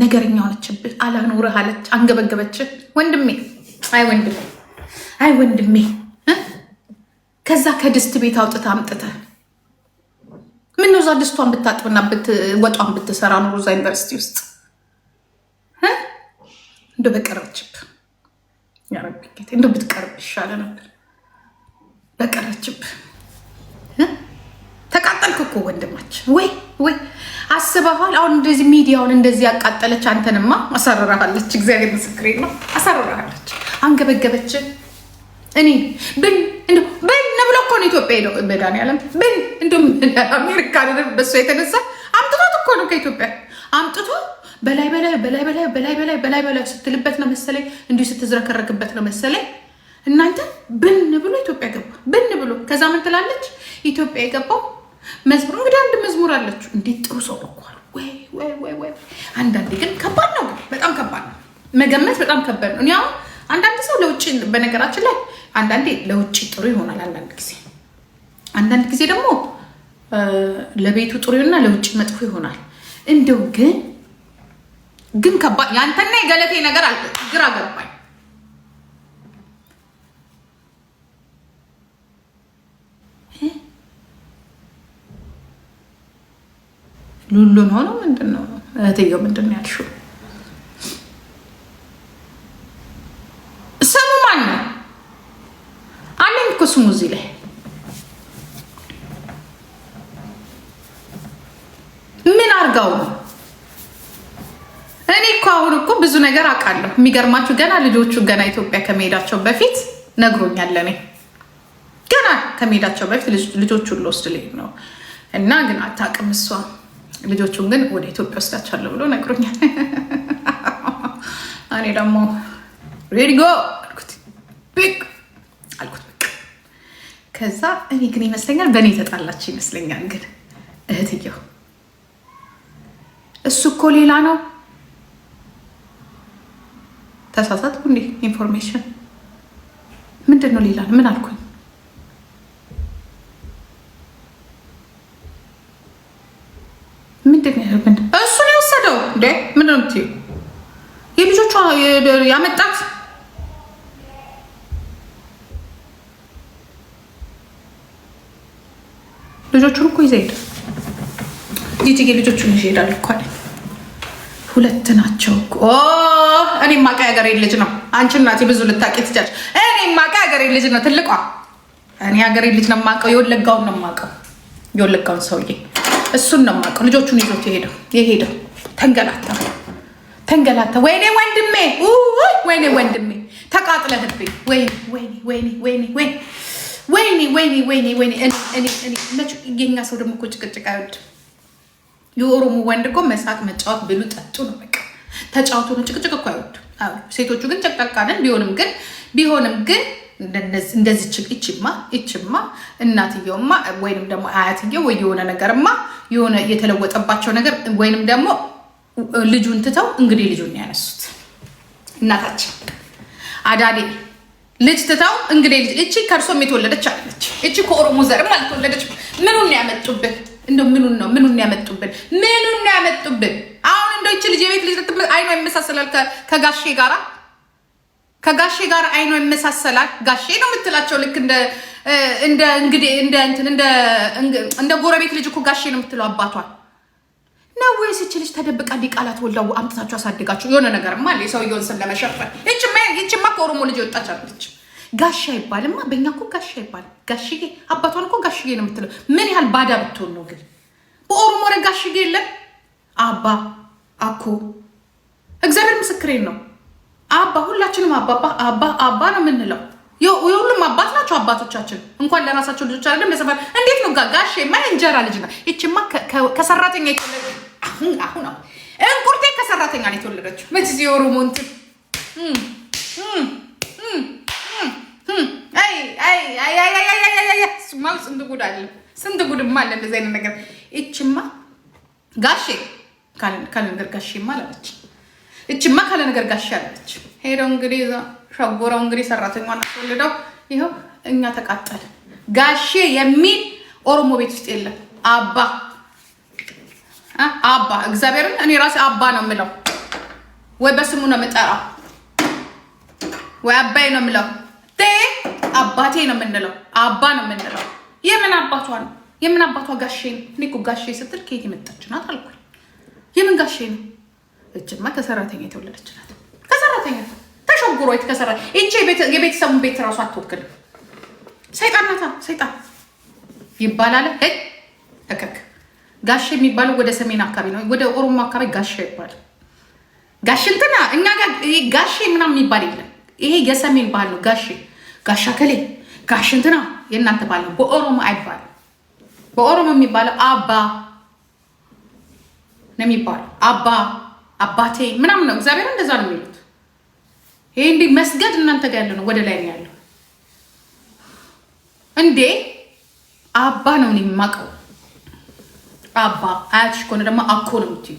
ነገረኛ ሆነችብህ፣ አላኖርህ አለች፣ አንገበገበች። ወንድሜ አይ ወንድሜ አይ ወንድሜ ከዛ ከድስት ቤት አውጥተህ አምጥተህ ነው እዛ ድስቷን ብታጥብና ወጧን ብትሰራ ኖሮ እዛ ዩኒቨርሲቲ ውስጥ እንደ በቀረችብህ ያረቢ እንደ ብትቀርብ ይሻለ ነበር። በቀረችብህ አቃጠልክ እኮ ወንድማችን። ወይ ወይ አስበሃል? አሁን እንደዚህ ሚዲያውን እንደዚህ ያቃጠለች አንተንማ አሳርራሃለች። እግዚአብሔር ምስክሬ ነው፣ አሳርራሃለች። አንገበገበች። እኔ ብን እንደው ብን ብሎ እኮ ነው ኢትዮጵያ ሄደው መድኃኒዓለም ብን እንደው አሜሪካ በሱ የተነሳ አምጥቶት እኮ ነው ከኢትዮጵያ አምጥቶ በላይ በላይ በላይ በላይ በላይ በላይ በላይ በላይ ስትልበት ነው መሰለኝ፣ እንዲሁ ስትዝረከረክበት ነው መሰለኝ። እናንተ ብን ብሎ ኢትዮጵያ ገባ። ብን ብሎ ከዛ ምን ትላለች ኢትዮጵያ የገባው መዝሙር እንግዲህ አንድ መዝሙር አለችው። እንዴት ጥሩ ሰው እኮ ወይ ወይ ወይ ወይ። አንዳንዴ ግን ከባድ ነው፣ በጣም ከባድ ነው። መገመት በጣም ከባድ ነው። እኔ አንዳንድ ሰው ለውጭ በነገራችን ላይ አንዳንዴ ለውጭ ጥሩ ይሆናል፣ አንዳንድ ጊዜ አንዳንድ ጊዜ ደግሞ ለቤቱ ጥሩ ይሆንና ለውጭ መጥፎ ይሆናል። እንደው ግን ግን ከባድ ያንተና የገለቴ ነገር ግራ ገባኝ። ሉሉም ሆኖ ምንድን ነው እህትየው ምንድን ነው ያልሽው? ስሙ ማን ነው? አለኝ እኮ ስሙ እዚህ ላይ ምን አርጋው ነው? እኔ እኮ አሁን እኮ ብዙ ነገር አውቃለሁ። የሚገርማችሁ ገና ልጆቹ ገና ኢትዮጵያ ከመሄዳቸው በፊት ነግሮኛል። እኔ ገና ከመሄዳቸው በፊት ልጆቹን ልወስድ ልሄድ ነው እና ግን አታውቅም እሷ ልጆቹን ግን ወደ ኢትዮጵያ ወስዳቸዋለሁ ብሎ ነግሮኛል። እኔ ደግሞ ሬዲጎ አልኩት አልኩት ብቅ። ከዛ እኔ ግን ይመስለኛል በእኔ የተጣላች ይመስለኛል። ግን እህትየው እሱ እኮ ሌላ ነው ተሳሳትኩ እንዴ? ኢንፎርሜሽን ምንድን ነው ሌላ ነው ምን አልኩኝ? እንደሚያደርግ እሱን የወሰደው እንዴ? ምንድን ነው የምትይው? የልጆቿ ያመጣት ልጆቹን እኮ ይዘህ ጂጂጌ ልጆቹን ይሄዳል እኮ አለኝ። ሁለት ናቸው እኮ። እኔ ማቀ ሀገሬ ልጅ ነው። አንቺ እናቴ ብዙ ልታውቂ ትቻለሽ። እኔ ማቀ ሀገሬ ልጅ ነው። ትልቋ እኔ ሀገሬ ልጅ ነው ማቀው የወለጋውን ነው ማቀው የወለጋውን ሰውዬ እሱን ነው የማውቀው። ልጆቹን ይዞት የሄደው የሄደው ተንገላታ ተንገላታ። ወይኔ ወንድሜ፣ ወይኔ ወንድሜ ተቃጥለህብኝ። ወይኔ ወይኔ ወይኔ ወይኔ ወይኔ ወይኔ ወይኔ ወይኔ የኛ ሰው ደግሞ እኮ ጭቅጭቅ አይወድም። የኦሮሞ ወንድ እኮ መሳቅ፣ መጫወት፣ ብሉ ጠጡ ነው በቃ ተጫወቱ ነው። ጭቅጭቅ እኮ አይወድም። ሴቶቹ ግን ጨቅጫቃ ቢሆንም ግን ቢሆንም ግን እንደዚህ እችማ እችማ እናትየውማ ወይንም ደግሞ አያትየው ወይ የሆነ ነገርማ የሆነ የተለወጠባቸው ነገር ወይንም ደግሞ ልጁን ትተው እንግዲህ ልጁን ያነሱት እናታችን አዳዴ ልጅ ትተው እንግዲህ ልጅ እቺ ከእርሶም የተወለደች አለች። እቺ ከኦሮሞ ዘርም አልተወለደች። ምኑን ያመጡብን? እንደ ምኑን ነው ምኑን ያመጡብን? ምኑን ያመጡብን? አሁን እንደ እቺ ልጅ የቤት ልጅ አይኗ ይመሳሰላል ከጋሼ ጋራ ከጋሼ ጋር አይኖ ይመሳሰላል። ጋሼ ነው የምትላቸው። ልክ እንደ እንደ እንግዲህ እንደ እንትን እንደ እንደ ጎረቤት ልጅ እኮ ጋሼ ነው የምትለው አባቷል ነው ወይስ እቺ ልጅ ተደብቃ ሊቃላት ወልዳው አምጥታችሁ አሳድጋችሁ የሆነ ነገርማ አለ የሰውየውን ስም ለመሸፈን። ይቺማ ይቺማ ከኦሮሞ ልጅ የወጣች አለች። ጋሼ አይባልማ በእኛ እኮ ጋሼ አይባልም። ጋሽዬ አባቷን እኮ ጋሽዬ ነው የምትለው። ምን ያህል ባዳ ብትሆን ነው ግን በኦሮሞ ረ ጋሽዬ የለም አባ አኮ እግዚአብሔር ምስክሬን ነው። አባ ሁላችንም አባባ አባ አባ ነው የምንለው። የሁሉም አባት ናቸው አባቶቻችን። እንኳን ለራሳቸው ልጆች አይደለም ለሰፈር እንዴት ነው ጋጋሽ ማ እንጀራ ልጅ ነው። ይችማ ከሰራተኛ አሁን አሁን እንቁርቴ ከሰራተኛ ነው የተወለደችው። መች የኦሮሞ እንትን እሱማ ስንት ጉድ አለ፣ ስንት ጉድማ አለ። እንደዚህ አይነት ነገር ይችማ ጋሼ ካልንገር ጋሼማ አላለች እችማ ካለ ነገር ጋሻ ያለች ሄደው እንግዲህ ሸጎረው እንግዲህ ሰራተኛዋን አስወልደው ይኸው እኛ ተቃጠል ጋሼ የሚል ኦሮሞ ቤት ውስጥ የለም። አባ አባ እግዚአብሔርን እኔ ራሴ አባ ነው የምለው፣ ወይ በስሙ ነው የምጠራው፣ ወይ አባይ ነው የምለው፣ አባቴ ነው የምንለው፣ አባ ነው የምንለው። የምን አባቷ ነው? የምን አባቷ ጋሼ ነው? እኔ እኮ ጋሼ ስትል ከየት የመጣች ናት አልኩኝ። የምን ጋሼ ነው? እችማ ከሰራተኛ የተወለደች ናት። ከሰራተኛ ተሸጉሮ የተከሰራ እቺ የቤተሰቡን ቤት ራሱ አትወክልም። ሰይጣን ናታ ሰይጣን ይባላል። እከክ ጋሽ የሚባለው ወደ ሰሜን አካባቢ ነው፣ ወደ ኦሮሞ አካባቢ ጋሻ ይባላል። ጋሼ እንትና እኛ ጋር ጋሼ ምናምን የሚባል የለም። ይሄ የሰሜን ባህል ነው። ጋሽ ጋሻ ከሌ ጋሼ እንትና የእናንተ ባህል ነው። በኦሮሞ አይባልም። በኦሮሞ የሚባለው አባ ነው የሚባለው አባ አባቴ ምናምን ነው። እግዚአብሔር እንደዛ ነው የሚሉት። ይሄ እንዲህ መስገድ እናንተ ጋር ያለ ነው፣ ወደ ላይ ነው ያለው። እንዴ አባ ነው እኔ የማውቀው አባ። አያትሽ ከሆነ ደግሞ አኮ ነው የምትዩ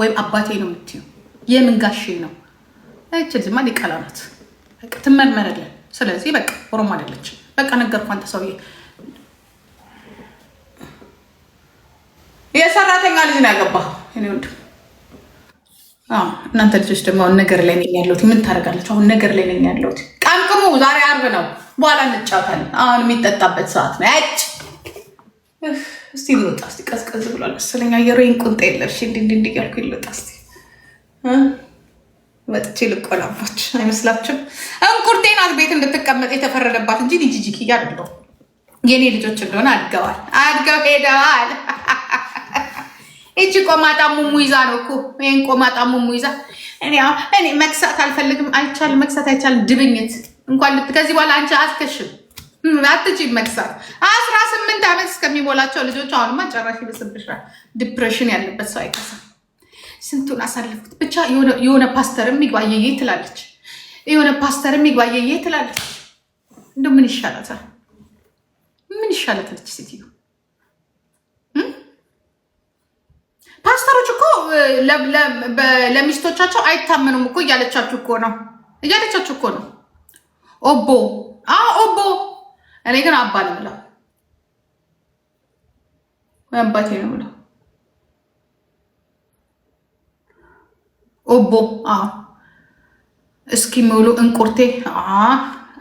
ወይም አባቴ ነው የምትዩ። የምን ጋሼ ነው ይች ዝማ ናት። ትመርመረለን። ስለዚህ በቃ ኦሮሞ አይደለች። በቃ ነገርኩ አንተ ሰውዬ የሰራተኛ ልጅ ነው ያገባ። እናንተ ልጆች ደግሞ አሁን ነገር ላይ ነኝ ያለሁት። ምን ታደርጋለች? አሁን ነገር ላይ ነኝ ያለሁት። ቀምቅሙ። ዛሬ አርብ ነው፣ በኋላ እንጫወታለን። አሁን የሚጠጣበት ሰዓት ነው። ያጭ እስቲ ልወጣ። እስቲ ቀዝቀዝ ብሏል መሰለኝ አየሩ። ይሄን ቁንጣ የለብሽ እንዲህ እንዲህ እንዲህ እያልኩ ልወጣ። እስቲ ወጥቼ ልቆላባች አይመስላችሁም? እንቁርቴ ናት ቤት እንድትቀመጥ የተፈረደባት እንጂ ጂጂኪያ አይደለሁም። የኔ ልጆች እንደሆነ አድገዋል አድገው ሄደዋል። እቺ ቆማጣ ሙሙ ይዛ ነው እኮ ይሄን ቆማጣ ሙሙ ይዛ። እኔ እኔ መክሳት አልፈልግም፣ አይቻልም፣ መክሳት አይቻልም። ድብኝት እንኳን ከዚህ በኋላ አንቺ አትከሽም፣ አትችይም መክሳት። አስራ ስምንት ዓመት እስከሚሞላቸው ልጆች አሁንማ ጨራሽ ይበስብሻል። ዲፕሬሽን ያለበት ሰው አይከሳም። ስንቱን አሳልፉት ብቻ። የሆነ ፓስተርም ይግባየዬ ትላለች፣ የሆነ ፓስተርም ይግባየዬ ትላለች። እንደው ምን ይሻላታል? ምን ይሻላታል ሴትዮ? ፓስተሮች እኮ ለሚስቶቻቸው አይታመኑም እኮ እያለቻችሁ እኮ ነው እያለቻችሁ እኮ ነው። ኦቦ ኦቦ። እኔ ግን አባ ነው ብለው ወይ አባቴ ነው ብለው ኦቦ። እስኪ ሙሉ እንቁርቴ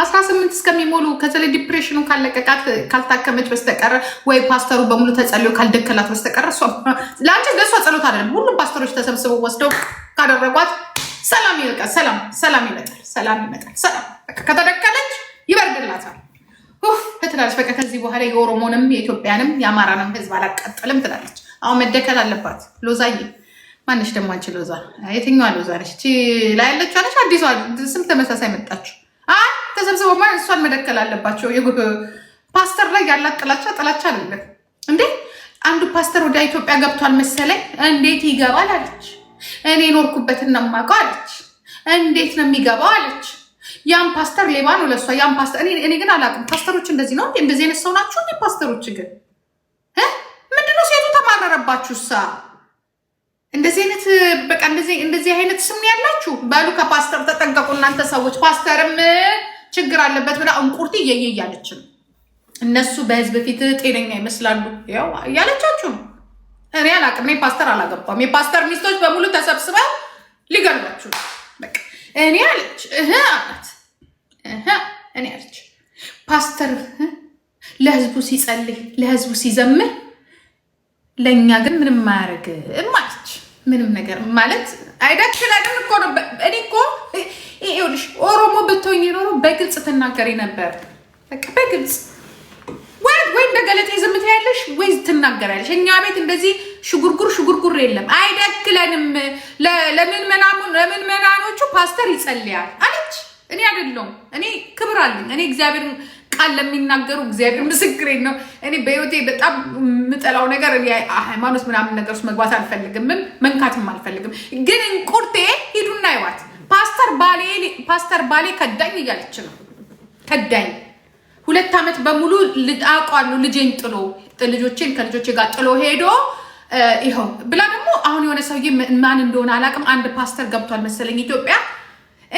አስራ ስምንት እስከሚሞሉ ከተለ ዲፕሬሽኑ ካለቀቃት ካልታከመች በስተቀረ ወይ ፓስተሩ በሙሉ ተጸልዮ ካልደከላት በስተቀረ ለአንቺ ገሷ ጸሎት አይደለም። ሁሉም ፓስተሮች ተሰብስበው ወስደው ካደረጓት ሰላም ይበቃል። ሰላም ሰላም ይመጣል። ሰላም ይመጣል። ሰላም ከተደከለች ይበርድላታል። ትላለች በቃ ከዚህ በኋላ የኦሮሞንም የኢትዮጵያንም የአማራንም ህዝብ አላቃጠልም ትላለች። አሁን መደከል አለባት። ሎዛዬ ማነሽ ደግሞ አንቺ ሎዛ? የትኛዋ ሎዛ ነች? ላይ ያለችው አዲሷ ስም ተመሳሳይ መጣችው? አይ ተሰብስበው ማ እሷን መደከል አለባቸው። ፓስተር ላይ ያላት ጥላቻ ጥላቻ አለበት እንዴ? አንዱ ፓስተር ወደ ኢትዮጵያ ገብቷል መሰለኝ። እንዴት ይገባል አለች። እኔ ኖርኩበትና ማውቀው አለች። እንዴት ነው የሚገባው አለች። ያም ፓስተር ሌባ ነው ለሷ። ያም ፓስተር እኔ ግን አላውቅም። ፓስተሮች እንደዚህ ነው እንደዚህ አይነት ሰው ናቸው ፓስተሮች ግን ምንድነው ሴቱ ተማረረባችሁ ሳ እንደዚህ አይነት በቃ እንደዚህ አይነት ስም ያላችሁ በሉ ከፓስተር ተጠንቀቁ እናንተ ሰዎች። ፓስተርም ችግር አለበት ብላ እንቁርቲ እየየ እያለች ነው። እነሱ በህዝብ ፊት ጤነኛ ይመስላሉ ያው እያለቻችሁ ነው። እኔ አላቅም። ፓስተር አላገባም። የፓስተር ሚስቶች በሙሉ ተሰብስበው ሊገሏችሁ እኔ አለች እህ አላት እህ እኔ አለች ፓስተር ለህዝቡ ሲጸልይ ለህዝቡ ሲዘምር ለእኛ ግን ምንም ማያደርግ ማለት ምንም ነገር ማለት አይዳችን አይዳችላለን እኮ ነው። እኔ እኮ ይኸውልሽ ኦሮሞ ብትሆኝ ኖሮ በግልጽ ትናገሪ ነበር። በቃ በግልጽ ወይ እንደ ገለጤ ዝም ትያለሽ ወይ ትናገራለሽ። እኛ ቤት እንደዚህ ሽጉርጉር ሽጉርጉር የለም። አይዳክለንም። ለምን መናኖቹ ፓስተር ይጸልያል አለች። እኔ አይደለሁም። እኔ ክብር አለኝ። እኔ እግዚአብሔር ቃል ለሚናገሩ እግዚአብሔር ምስክሬን ነው። እኔ በህይወቴ በጣም የምጠላው ነገር ሃይማኖት ምናምን ነገር ውስጥ መግባት አልፈልግምም፣ መንካትም አልፈልግም። ግን እንቁርቴ ሂዱና ይዋት ፓስተር ባሌ ከዳኝ እያለች ነው። ከዳኝ ሁለት ዓመት በሙሉ አውቃሉ ልጄን ጥሎ ልጆቼን ከልጆቼ ጋር ጥሎ ሄዶ ይኸው ብላ ደግሞ አሁን የሆነ ሰውዬ ማን እንደሆነ አላውቅም፣ አንድ ፓስተር ገብቷል መሰለኝ ኢትዮጵያ።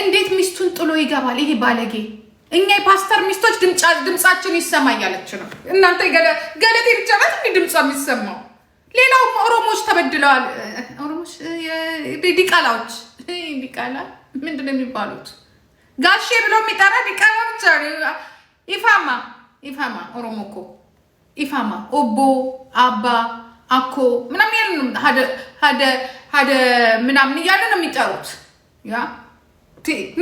እንዴት ሚስቱን ጥሎ ይገባል ይሄ ባለጌ? እኛ የፓስተር ሚስቶች ድምፃችን ይሰማ እያለች ነው። እናንተ ገለቴ ብቻ ናት እንዲህ ድምፅ የሚሰማው። ሌላውም ኦሮሞዎች ተበድለዋል። ኦሮሞዎች ዲቃላዎች፣ ዲቃላ ምንድን ነው የሚባሉት? ጋሼ ብሎ የሚጠራ ዲቃላ ብቻ። ኢፋማ ኢፋማ፣ ኦሮሞ እኮ ኢፋማ፣ ኦቦ፣ አባ፣ አኮ ምናምን ያሉ ሀደ ምናምን እያለ ነው የሚጠሩት። ያ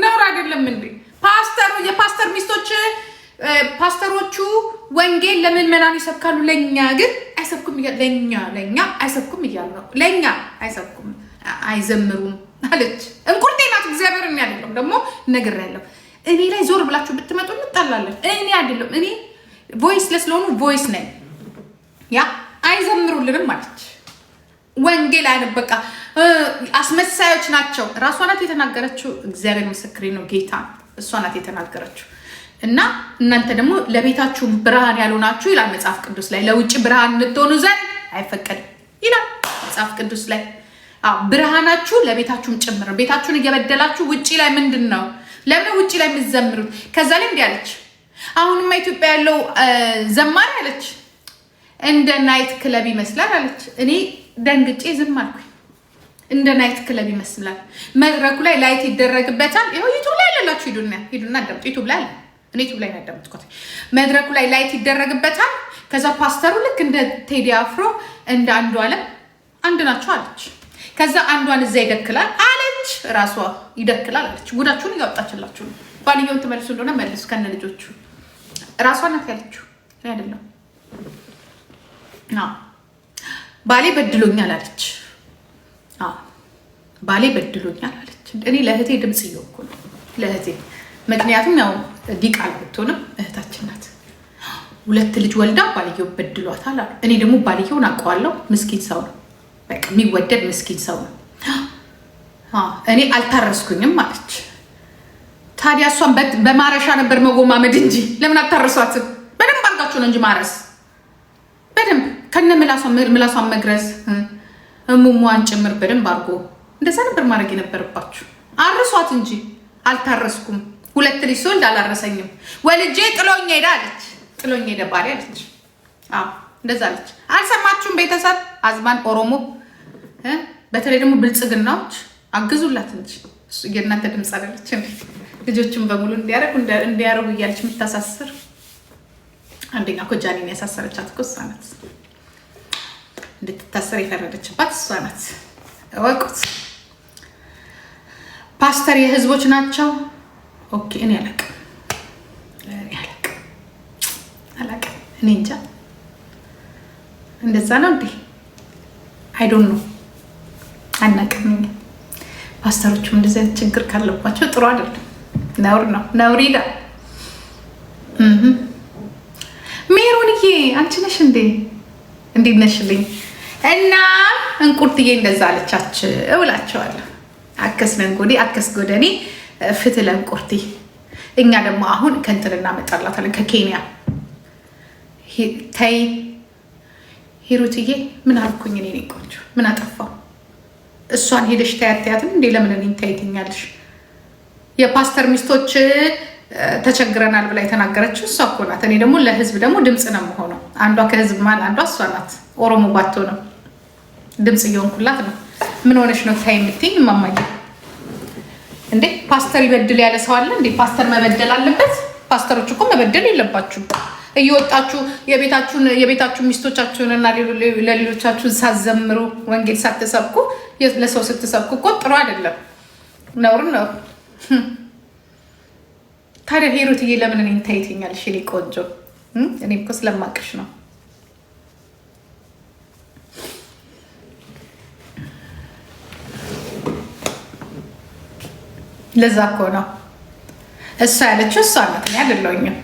ነውር አይደለም እንዴ? ፓስተሩ የፓስተር ሚስቶች ፓስተሮቹ ወንጌል ለምዕመናን ይሰብካሉ፣ ለእኛ ግን አይሰብኩም። ለእኛ ለእኛ አይሰብኩም እያሉ ነው። ለእኛ አይሰብኩም፣ አይዘምሩም አለች። እንቁርቴ ናት። እግዚአብሔር እኔ አይደለም ደግሞ ነግሬያለሁ። እኔ ላይ ዞር ብላችሁ ብትመጡ እንጣላለን። እኔ አይደለም እኔ ቮይስ ለስለሆኑ ቮይስ ነኝ። ያ አይዘምሩልንም ማለች ወንጌል አይነት አስመሳዮች ናቸው። ራሷ ናት የተናገረችው። እግዚአብሔር ምስክሬ ነው ጌታ እሷ ናት የተናገረችው። እና እናንተ ደግሞ ለቤታችሁ ብርሃን ያልሆናችሁ ይላል መጽሐፍ ቅዱስ ላይ ለውጭ ብርሃን እንትሆኑ ዘንድ አይፈቀድም ይላል መጽሐፍ ቅዱስ ላይ። ብርሃናችሁ ለቤታችሁም ጭምር ቤታችሁን እየበደላችሁ ውጭ ላይ ምንድን ነው? ለምን ውጭ ላይ የምትዘምሩት? ከዛ ላይ እንዲህ አለች። አሁንማ ኢትዮጵያ ያለው ዘማሪ አለች እንደ ናይት ክለብ ይመስላል አለች። እኔ ደንግጬ ዝም አልኩኝ። እንደ ናይት ክለብ ይመስላል። መድረኩ ላይ ላይት ይደረግበታል። ይኸው ዩቱብ ላይ ያለላችሁ ሂዱና ሂዱና አዳምጡ። ዩቱብ ላይ እኔ ዩቱብ ላይ ያዳምጥኩት መድረኩ ላይ ላይት ይደረግበታል። ከዛ ፓስተሩ ልክ እንደ ቴዲ አፍሮ እንደ አንዱ አለም አንድ ናቸው አለች። ከዛ አንዷን እዛ ይደክላል አለች፣ ራሷ ይደክላል አለች። ጉዳችሁን እያወጣችላችሁ ነው። ባልየውን ትመልሱ እንደሆነ መልሱ ከነ ልጆቹ። ራሷ ናት ያለችው አይደለም። ባሌ በድሎኛል አለች ባሌ በድሎኛል አለች። እኔ ለእህቴ ድምፅ እየወኩ ነው ለእህቴ ምክንያቱም ያው ዲቃል ብትሆንም እህታችን ናት። ሁለት ልጅ ወልዳ ባልየው በድሏታል አሉ። እኔ ደግሞ ባልየውን አውቀዋለሁ። ምስኪን ሰው ነው፣ በቃ የሚወደድ ምስኪን ሰው ነው። እኔ አልታረስኩኝም አለች። ታዲያ እሷን በማረሻ ነበር መጎማመድ እንጂ ለምን አታረሷትም? በደንብ አድርጋችሁ ነው እንጂ ማረስ፣ በደንብ ከነ ምላሷን መግረስ እሙሟን ጭምር በደንብ አድርጎ እንደዛ ነበር ማድረግ የነበረባችሁ። አርሷት እንጂ አልታረስኩም፣ ሁለት ልጅ ስወልድ አላረሰኝም፣ ወልጄ ጥሎኝ ሄዳ አለች። ጥሎኝ ሄደ ባሪ አለች። እንደዛ አለች። አልሰማችሁም? ቤተሰብ አዝማን ኦሮሞ፣ በተለይ ደግሞ ብልጽግናዎች አግዙላት እንጂ የእናንተ ድምፅ አለች። ልጆችን በሙሉ እንዲያረጉ እንዲያረጉ እያለች የምታሳስር አንደኛ ኮጃኔን ያሳሰረቻት እኮ እሷ ናት። እንድትታሰር የፈረደችባት እሷ ናት። እወቁት። ፓስተር የህዝቦች ናቸው። ኦኬ። እኔ ያለቅ አላቅም አላቅም። እኔ እንጃ እንደዛ ነው እንዴ? አይዶን ነው አናቅም። ፓስተሮቹም እንደዚ ችግር ካለባቸው ጥሩ አይደለም። ነውር ነው ነውር ይላ ሜሮንዬ አንቺ ነሽ እንዴ? እንዴት ነሽልኝ? እና እንቁርትዬ እንደዛ አለቻች እላቸዋለሁ። አከስ ነንጎዴ አከስ ጎደኔ ፍትለ እንቁርት እኛ ደግሞ አሁን ከእንትን እናመጣላታለን ከኬንያ ተይ ሂሩትዬ ምን አልኩኝ? እኔ ቆንጆ ምን አጠፋው? እሷን ሄደሽ ታያትያትም እንዴ ለምን እኔን ታይትኛለሽ? የፓስተር ሚስቶች ተቸግረናል ብላ የተናገረችው እሷ እኮ ናት። እኔ ደግሞ ለህዝብ ደግሞ ድምፅ ነው የምሆነው። አንዷ ከህዝብ ማል አንዷ እሷ ናት። ኦሮሞ ባቶ ነው ድምፅ እየሆንኩላት ነው። ምን ሆነች ነው ታይ የምትይኝ? እማማዬ እንዴ ፓስተር ይበድል ያለ ሰው አለ እንዴ? ፓስተር መበደል አለበት? ፓስተሮች እኮ መበደል የለባችሁ። እየወጣችሁ የቤታችሁ ሚስቶቻችሁን እና ለሌሎቻችሁን ሳትዘምሩ ወንጌል ሳትሰብኩ ለሰው ስትሰብኩ እኮ ጥሩ አይደለም፣ ነውር ነው። hm። ታዲያ ሄሮትዬ ለምን እኔን ታይትኛል? ቆንጆ hm? እኔ እኮ ስለማቅሽ ነው። ለዛ እኮ ነው እሷ ያለችው። እሷ ነት አይደለሁኝም።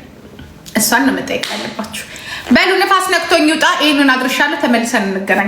እሷን ነው መጠየቅ ያለባችሁ። በሉ ንፋስ ነክቶኝ ውጣ። ይህንን አድርሻለሁ። ተመልሰን እንገናኝ።